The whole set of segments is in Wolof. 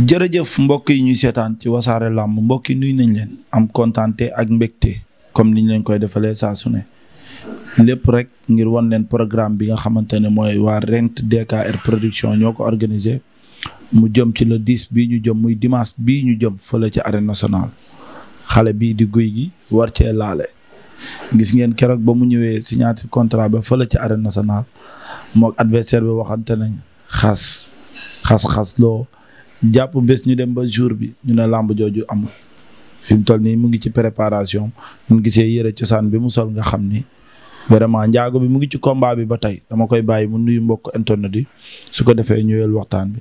jërëjëf mbokk yi ñuy seetaan ci wasaare làmb mbokk yi nuyu nañ leen am kontaante ak mbégte comme niñ leen koy defalee saa su ne lépp rek ngir wan leen programme bi nga xamante ne mooy waa Rent de DKR production ñoo ko organisé mu jëm ci le 10 bi ñu jëm muy dimanche bi ñu jëm fële ci arène national xale bii di guy gi war cee laale gis ngeen keroog ba mu ñëwee signature contrat ba fële ci arène nationale mook adversaire bi waxante nañ xas xas-xas jàpp bés ñu dem ba jour bi ñu ne làmb jooju amul fi toll nii mu ngi ci préparation mun gisee yére cosaan bi mu sol nga xam ni vraiment njaago bi mu ngi ci combat bi ba tey dama koy bàyyi mu nuyu mbokk internet yi su ko defee ñëwel waxtaan bi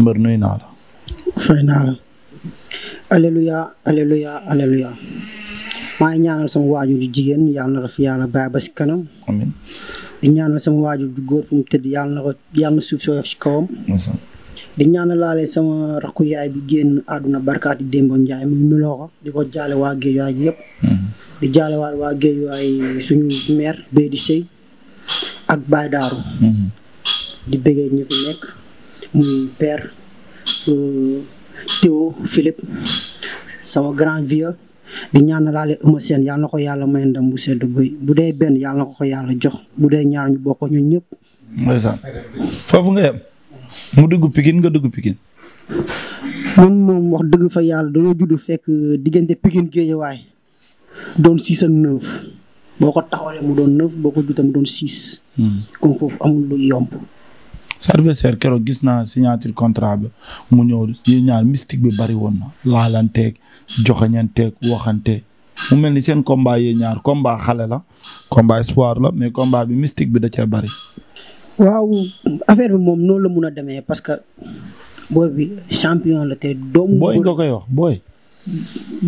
mbër nuyu naa la. fay naa la. alléluia alléluia alléluia. maa ngi ñaanal sama waajur jigéen yàlla na ko fi yàlla bàyyi ba si kanam. amiin di ñaanal sama waajur ju góor fu mu tëdd yàlla na ko yàlla na ci kawam. di ñaanalaale sama rakku yaay bi génn àdduna barkaati Demba Njaay muy nuloo ko di ko jaale waa Géejawaay gi yëpp. Mm-hmm. di jaale waat waa Géejawaay suñu maire bee di sëy ak Baye Daaru mm-hmm. di bëggee ñu fi nekk muy père euh, Théo Philippe sama grand vieux di ñaanalaale Eumeu Sène yàlla na ko yàlla may ndam bu sedd guy bu dee benn yàlla na ko yàlla jox bu dee ñaar ñu ñëpp. foofu nga mu dugg Pikine nga dugg Pikine. man moom wax dëgg fa yàlla dañoo judd fekk diggante Pikine Géejawaay doon six ak neuf boo ko taxawalee mu doon neuf boo ko juutee mu doon six. comme foofu amul lu yomb. sa adversaire keroog gis naa signature contrat bi mu ñëw yi ñaar mystique bi bari woon na laalanteeg joxañanteeg waxante mu mel ni seen combat yi ñaar combat xale la combat espoir la mais combat bi mystique bi da cee bari. waaw affaire bi moom noonu la mun a demee parce que booy bi champion la te doomu. booy nga koy wax booy.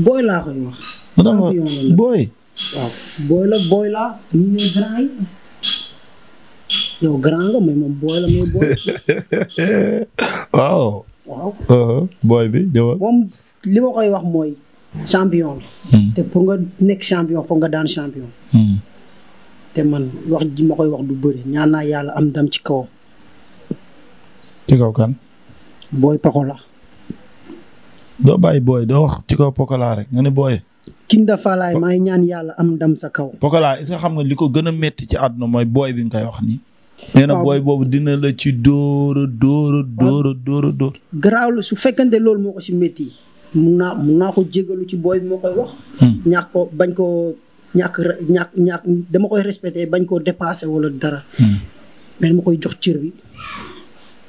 booy laa koy wax. booy. waaw booy la moom li ma koy wax mooy. champion la. Hmm. te pour nga nekk champion foog nga daan champion. Hmm. te man wax ji ma koy wax du bëri ñaan naa yàlla am ndam ci kawam. ci kaw kan. booy la doo bàyyi booy doo wax ci kaw Pokola rek nga ne booy. King dafa laay maa ngi ñaan yàlla am ndam sa kaw. Pokola est-ce que xam nga li ko gën a métti ci àdduna mooy booy bi nga koy wax nii. nee na booy boobu dina la ci dóora dóora dóora dóora dóor. garaaw la su fekkante loolu moo ko si métti mun mun naa ko jégalu ci booy bi moo koy wax. Hmm. ñaax ko bañ ko ñàkk ñàkk ñàkk dama koy respecté bañ koo dépassé wala dara. Hmm. mais dama koy jox cër bi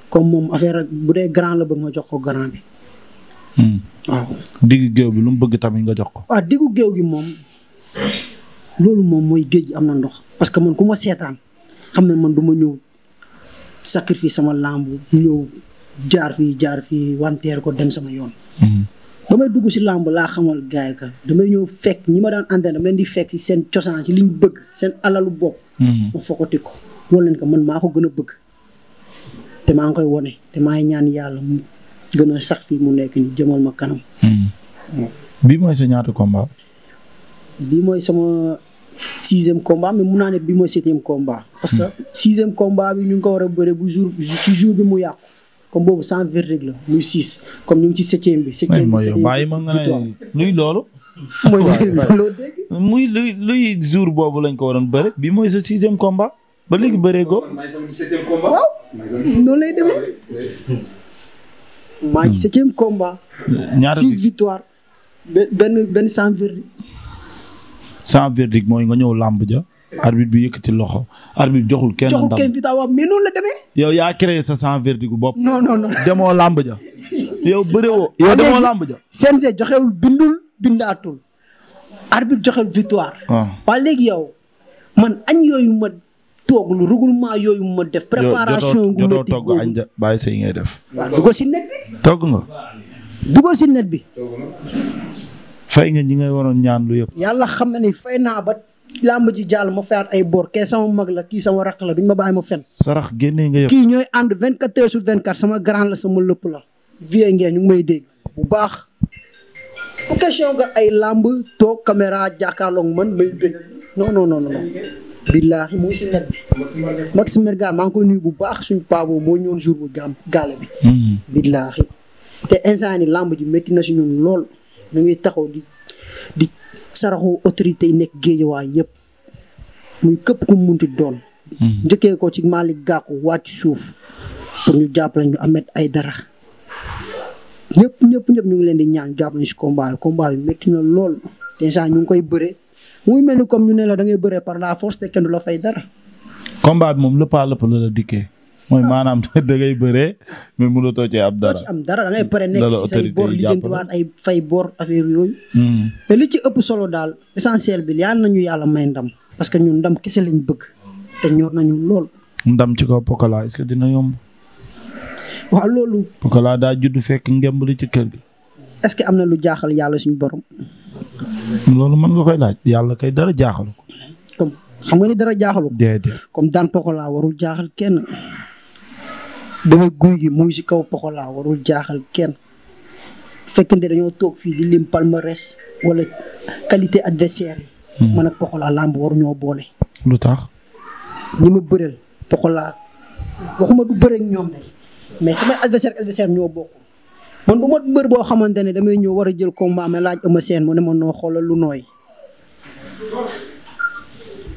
comme moom affaire bu dee grand la bëgg ma jox ko grand bi. Hmm. waaw. diggu géew bi bëgg tamit nga jox ko. waaw ah, diggu géew gi moom loolu moom mooy géej gi am na ndox parce que man ku ma seetaan xam ne man duma ma ñëw sacrifice sama làmb ñëw jaar fii jaar fii wanteer ko dem sama yoon. Hmm. ba may dugg si làmb laa xamal gaay ka damay ñëw fekk ñi ma daan entraîné dama leen di fekk seen cosaan si liñ bëgg seen alalu bopp. ma hmm. fokkati ko loolu leen ko man maa ko gën a bëgg. te maa ngi koy wone te maa ngi ñaan yàlla mu gën a sax fii mu nekk ni jëmal ma kanam. Hmm. Hmm. bii mooy sa ñaata combat. bii mooy sama sixième combat mais mun naa ne bii mooy septième combat. parce que sixième combat bi ñu ngi ko war a bëre bu jour ci jour bi mu yàqu. comme boobu sans verdict la muy 6 comme ñu ngi ci septième bi. septième bi septième ma nga ne luy loolu. muy luy luy jour boobu lañ ko waroon bëri bi mooy sa sixième combat ba léegi bëree ko. waaw noonu lay demee. Hmm. maa ngi septième combat. ñaata six victoire benn benn sans verdict. sans verdict mooy nga ñëw làmb ja. arbitre bi yëkkati loxo arbitre joxul kenn joxul kenn bi waaw mais noonu la yow yaa créé sa sans verdict bopp. non non non demoo làmb yow bëriwoo ah, yow demoo làmb ja. CNG joxewul bindul bindaatul. arbitre joxewul victoire. Ah. waaw léegi yow man añ yooyu ma toog lu regroupement yooyu ma def. préparation gu métti togg añ ngay def. waaw si net bi. nga. dugal si net bi. ñi ngay waroon ñaan lu yëpp. làmb ji jàll ma fayaat ay bor kee sama mag la kii sama rakk la duñ ma bàyyi ma fen sarax génnee nga yëpp kii ñooy ànd 24 heures sur 24 sama grand la sama lëpp la. vie ngeen ñu ngi may dégg bu baax bu question nga ay làmb toog caméra jàkkaarloog man may dégg non non non non. billaahi maa ngi koy nuyu bu baax suñu paa boobu moo ñëwoon jour bu gàmm gàll bi. Hmm. billaahi te instant ni làmb ji métti na si ñun lool ñu ngi taxaw di. saraxu autorité yi nekk géejawaay yëpp muy këpp ku munti doon. Hmm. njëkkee ko ci Malick Gakou wàcc suuf pour ñu jàppale ñu amet ay dara ñëpp ñëpp ñëpp ñu ngi leen di ñaan jàppale si combat yi combat yi na lool dèjà ñu ngi koy bëre muy mel ni comme ñu ne la da ngay bëree par la force te kenn du la fay dara. combat moom lëpp a lëpp la la dikkee. mooy maanaam da ngay bëree mais mënatoo cee am dara. am pare nekk si say bor lijjantiwaat ay fay bor affaire yooyu. Hmm. mais li ci ëpp solo daal essentiel bi yàlla nañu yàlla may ndam. parce que ñun ndam kese lañ bëgg te ñor nañu lool. ndam ci ko Pokola est-ce que dina loolu. Pokola daa judd fekk ngemb li ci kër gi. est-ce que am na lu jaaxal yàlla suñu borom. loolu mën nga koy laaj yàlla kay dara jaaxalu ko. xam nga ni dara jaaxalu ko. daan Pokola warul jaaxal kenn. dama guy gi mu ngi si kaw Pokola warul jaaxal kenn fekkente dañoo toog fii di lim palmarès walla qualité adversaire yi. Hmm. man ak Pokola làmb waruñoo boole. lu tax. ñi ma bëreel Pokola waxuma du bëre ak ñoom de mais samay adversaire adversaire ñoo bokk man du ma mbër boo xamante ne damay ñëw war a jël combat ma laaj Eumeu Sène mu ne ma noo xoolal lu nooy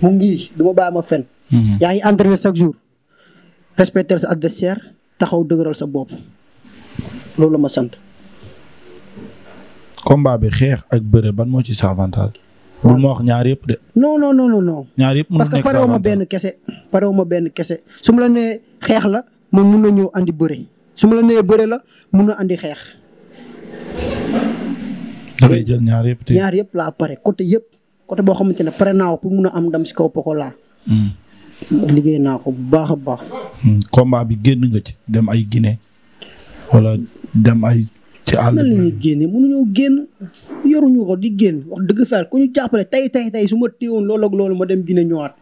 mu ngi du ma bàyyi ma fen. Hmm. yaa ngi entraîné chaque jour. respecter sa adversaire taxaw dëgëral sa bopp loolu la ma sant. combat bi xeex ak bëre ban moo ci sa avantage. ma wax ñaar yëpp de. non non non non. ñaar yëpp parce que parewu ma benn kese parewu ma benn kese su ma la nee xeex la moom mun na ñëw andi bëre su ma la nee bëre la mun na andi xeex. da ngay ñaar yëpp te. yëpp laa pare côté yëpp côté boo xamante ne pare naa ko pour mun a am ndam si kaw laa liggéey naa ko bu baax a baax. Hmm, combat bi génn nga ci dem ay Guinée wala dem ay. ci àll na li ñuy génne génn yoruñu ko di génn wax dëgg fa ku ñu jàppale tey tey tey su ma téewoon loolu loolu ma dem Guinée ñëwaat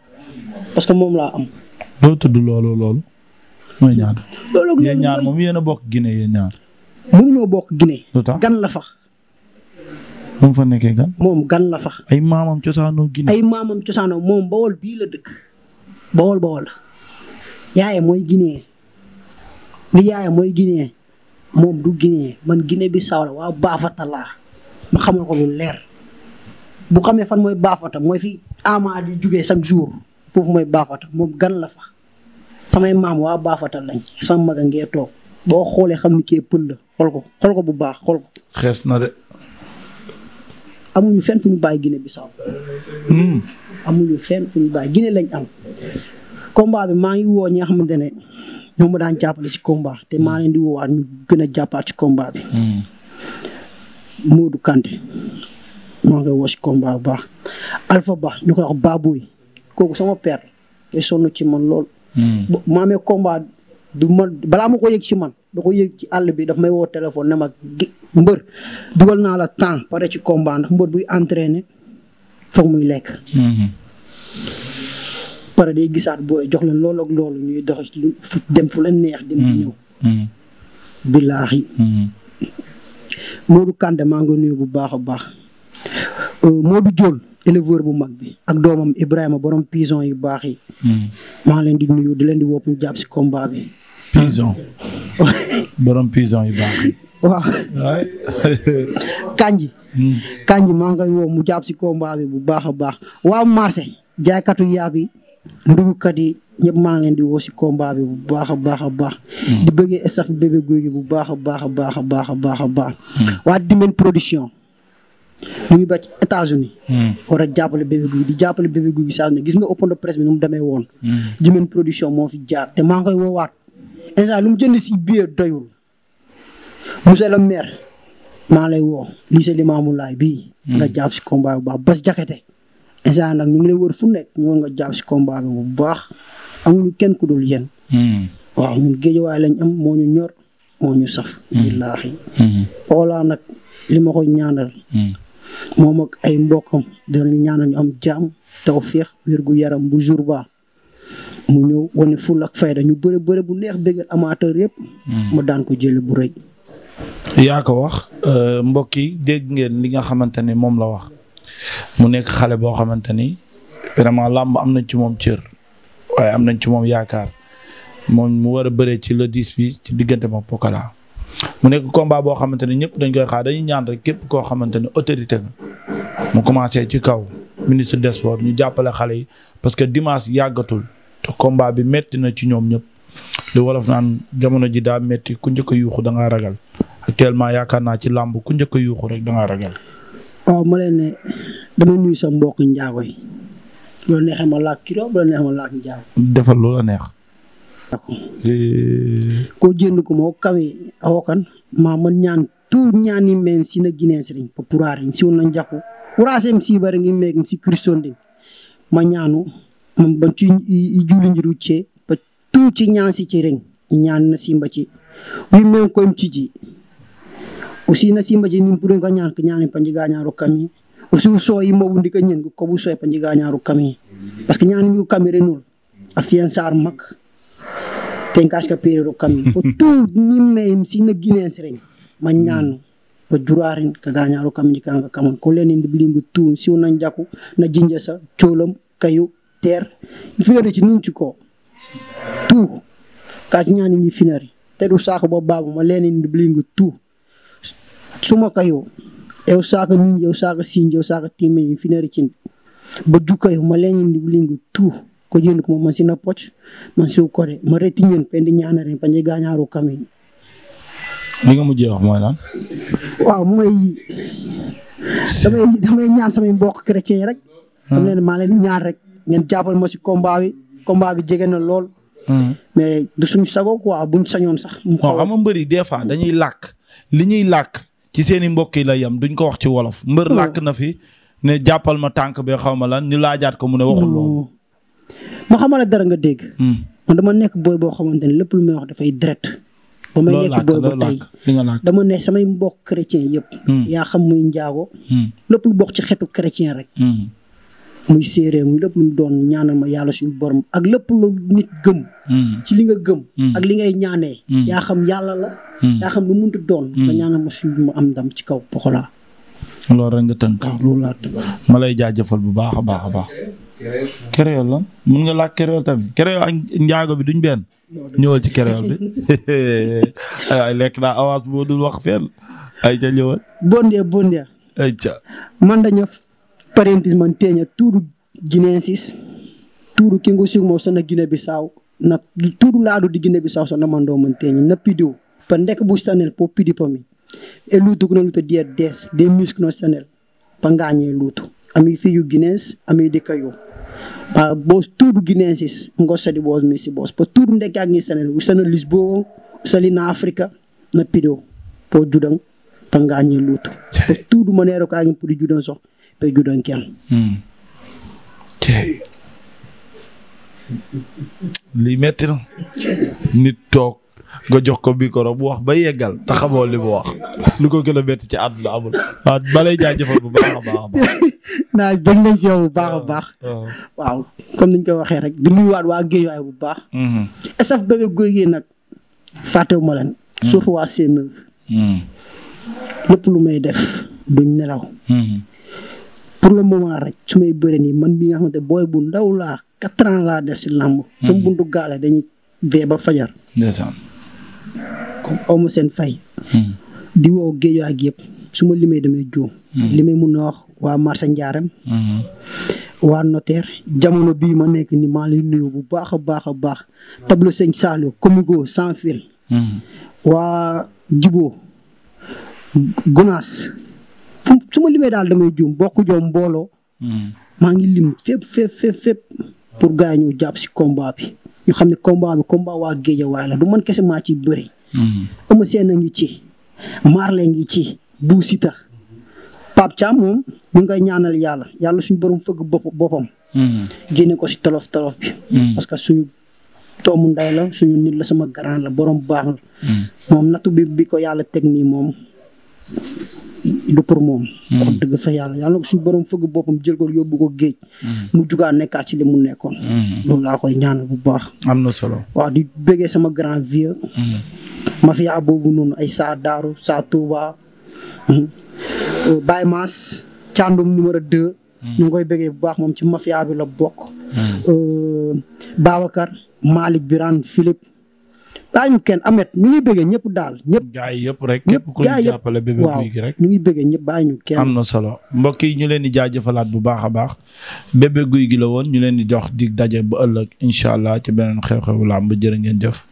parce que moom laa am. doo tudd loolu loolu. mooy ñaar loolu ak loolu yéen ñaar moom yéen a bokk Guinée yéen ñaar. mënuñoo bokk Guinée. gan la fa. moom fa nekkee gan. moom gan la fa. ay maamam cosaanoo Guinée. ay maamam cosaanoo moom bawol bii la dëkk. bawol bawol yaayam mooy Guinée li yaayam mooy Guinée moom du Guinée man Guinée Bissau la waa baafata laa ma xamal ko lu leer bu xamee fan mooy baafata mooy fi ama di jugee chaque jour foofu mooy baafata moom gan la fa samay maam waa baafata lañ sama mag a ngee toog boo xoolee xam ni kii pël la xool ko xool ko bu baax xool ko. xees na de. amuñu fenn fu ñu bàyyi Guinée Bissau hmm. amuñu fenn fu ñu bàyyi Guinée lañ am combat bi maa ngi woo ñi nga xamante ne ñoom daan jàppale si combat te maa leen di woowaat ñu gën a jàppaat si combat hmm. ngi woo si combat bu baax Alpha Ba ñu koy wax Baboy kooku sama père day sonn ci man lool hmm. bu ma balaa ma ko yëg si man da ko yëg ci àll bi daf may woo téléphone ne ma mbër dugal naa la temps pare ci combat ndax mbër buy entraîner foog muy lekk. Mhm. pare day gisaat booy jox leen loolu ak loolu ñuy dox dem fu leen neex. dem di mhm. ñëw. Mhm. billaahi. Modou Kande maa ngi nuyu bu baax a baax. Euh, Modou jóol éleveur bu mag bi ak doomam Ibrahima borom pison yu baax yi. maa leen di nuyu di leen di wopp ñu jàpp ci combat bi. pison. borom prison yu baax yi. waaw. Kanji. Hmm. Kanji maa ngi woo mu jàpp si combat bi bu baax a baax waaw marché jaaykatu yaab yi ndugukat yi ñëpp maa ngi leen di woo si combat bi bu baax a baax a baax. Hmm. di bëggee staff bébé guy bu baax a baax a baax a baax a baax a baax. Hmm. waa Dimène production. ñu ngi ba ci États-Unis war a jàppale bébé guy di jàppale bébé guy gi saa gis na open de presse bi nu mu demee woon. Dimène production moo fi jaar te maa ngi koy woowaat. instant lu mu jënd si biir doyul monsieur le maire maa lay woo lycée Limamou Laye bii. Hmm. nga jàpp si combat bu baax Bass Diakhaté instant nag ñu ngi lay wër fu nekk ñu nga jàpp si combat bu baax amuñu kenn ku dul yéen. Hmm. waaw ñun géejawaay lañ am moo ñu ñor moo ñu saf. Hmm. billaahi. xoolaa nag li ma ko ñaanal. moom ak ay mbokkam danañ ñaanal ñu am jaam tawféex wér gu yaram bu jur ba. mu ñëw wane ful ak fayda ñu bëre bëre bu neex bëggal amateur yëpp. Hmm. mu daan ko jël bu rëy. yaa ko wax euh, mbokk yi dégg ngeen li nga xamante ni moom la wax mu nekk xale boo xamante ni vraiment làmb am nañ ci moom cër waaye am nañ ci moom yaakaar moom mu war a bëree ci le 10 bi ci diggante ma Pokola. mu nekk combat boo xamante ni ñëpp dañ koy xaar dañuy ñaan rek képp koo xamante ni autorité nga mu commencé ci kaw ministre des sports ñu jàppale xale yi parce que dimanche yàggatul. te combat bi metti na ci ñoom ñëpp li wolof naan jamono ji daa metti ku njëkk a yuuxu da ragal actuellement yaakaar naa ci làmb ku njëkk a yuuxu rek da ngaa ragal. waaw ma leen ne dama nuyu sa mbokk njaago yi bu la neexee ma laaj kilo bu la neexee ma laaj njaago. defal lu la neex. Eh. koo jënd ko moo kawe awokan maa man ñaan tout ñaan yi meen si na gineen si dañ populaar yi si woon nañ jàpp si bari ngi meeg si kriston ma ñaanu bantu i ruche pa tu chi nyansi chiring inyan na simba chi wimem koim chiji usi na simba chi nimpurung kanyan kanyan panjiga nyaro kami usi uso imo bundi kanyan ko buso panjiga nyaro kami parce que nyan mi kami renul afiansa armak tenkas ka pere ro kami po tu nimme im sina ginen sering manyan ba mm. jurarin ka ganyaro kami kanga kamon ko lenin diblingu tu si unan jaku na jinja sa kayu terre finari ci nun ci ko tout kaci ñaani ñi finari teɗu saka bo babu ma leni ndiɓlingo tout suma kayo eu saka ninji eu saka sinji eu saka timmeji finari cindi ba jukayo ma leni ndiɓlingo tout ko jeni kuma man sina poc man siw kore ma retiñen pendi ñanaren panje gañaro kamin li nga mujjee wax mooy lan waaw mooy damay damay ñaan samay mbokk chrétien rek hmm. am leen maa leen ñaan rek ngeen jàppal ma si combat bi combat bi jege na lool. Hmm. mais du suñu sago quoi buñ sañoon sax. mu xaw a xam nga mbëri des fois dañuy làkk li ñuy làkk ci seen i mbokk yi la yem duñ ko wax ci wolof. mbër hmm. làkk na fi ne jàppal ma tànk bi xaw ma la ñu laajaat ko mu ne waxul loolu. Hmm. ma xamal dara nga dégg. man dama nekk booy boo xamante ne lépp lu may wax dafay direct. ba may nekk booy ba tey dama ne samay mbokk chrétien yëpp. yaa xam muy njaago lépp lu bokk ci xeetu chrétien muy séeréer muy lépp lu mu doon ñaanal ma yàlla suñu borom ak lépp lu nit gëm. Mm. ci li nga gëm. Mm. ak li ngay ñaanee. Mm. yaa xam yàlla la. yaa xam lu mu mënut doon. nga ñaanal ma suñu ma am ci kaw Pokola. loolu rek nga tënk. waaw loolu laa ma lay jaajëfal bu baax a baax a baax. kereyool la mun nga laaj kereyool tamit kereyool ak njaago bi duñ benn. ñëwal ci kereyool bi ay lekk naa avance boo dul wax fenn ay ca ñëwal. bondé ay ca man dañoo parentes mantenha tudo guinenses, tudo que conseguiu mostrar na Guiné-Bissau, na tudo lado de Guiné-Bissau só não mandou mantenha, na pediu, pandek bustanel pa pedi para mim. É luto que não luta dia 10, 10 mil que nós tanel, panganha é luto. Ami filho guinense, ami de caiu. bos tudo guinenses, gosta de bos messi bos, por tudo onde é que a Guiné tanel, o tanel Lisboa, o na África, na pediu, por judão, panganha é luto. Por tudo maneiro que a Guiné pode judão só. peggu Donkel. tey hmm. lii metti nit toog nga jox ko micro bu wax ba yeggal te xamoo li mu wax lu ko gën a metti ci àdduna amul waaw ah, ba lay bu baax a baax naa bëgg nañ si yow bu baax a ah, baax. Ah. waaw comme niñ koy waxee rek di nuyuwaat waa Guédiawaye bu baax. Hmm. SAF bëgg guy gi nag fàttewuma leen. Hmm. surtout waa C9. lépp lu may def duñ nelaw. pour le moment rek su may bëri nii man bi nga xamante booy bu ndaw laa quatre laa def si làmb. sama mhm. buntu gaale dañuy dee ba fajar. ndeysaan. comme seen fay. Mhm. di woo géej ak yëpp su ma limee damay juum. Mhm. li may mun waa marché Ndiarème. waa notaire jamono bii ma nekk ni maa lay nuyu bu baax a baax a baax tableau sëñ Saliou comigo sans fil. waa Djibo Gunaas. fu su ma limee daal damay juum bokk joom mbooloo. Hmm. maa ngi lim fépp fépp fépp fépp pour gars ñu jàpp si combat bi ñu xam ne combat bi combat waa man kese maa ci bëri. Hmm. Eumeu Sène a ngi ci Marley ngi ci Bou Siteu Pape Thiam moom yàlla yàlla suñu borom fëgg boppam. Hmm. génne ko si tolof tolof bi. parce que suñu doomu nday la suñu nit la sama grand la borom baax la. moom nattu bi ko yàlla teg nii moom. du pour moom. Hmm. wax dëgg fa yàlla yàlla na ko suñu borom fëgg boppam jël ko yóbbu ko géej. Hmm. mu jugaat nekkaat ci li mu nekkoon. Hmm. loolu laa koy ñaanal bu baax. am na solo waaw di bëggee sama grand vieux. mafia boobu noonu ay saa daaru saa Touba. Euh, Baye Mass Thiandoum numéro 2. ñu ngi koy bëggee bu baax moom ci mafia bi la bokk. Euh, Babacar Malick Birane Philippe. daañu kenn amet ñu ngi bëggee ñëpp daal ñëpp. gaa yi yëpp rek ñëpp ku ñu jàppale bébé guy gi rek ñu ngi bëggee ñëpp bàyyi ñu kenn. am na solo mbokk yi ñu leen di jaajëfalaat bu baax a baax bébé guy gi la woon ñu leen di jox dig daje ba ëllëg incha allah ci beneen xew-xewu làmb jërë ngeen jëf.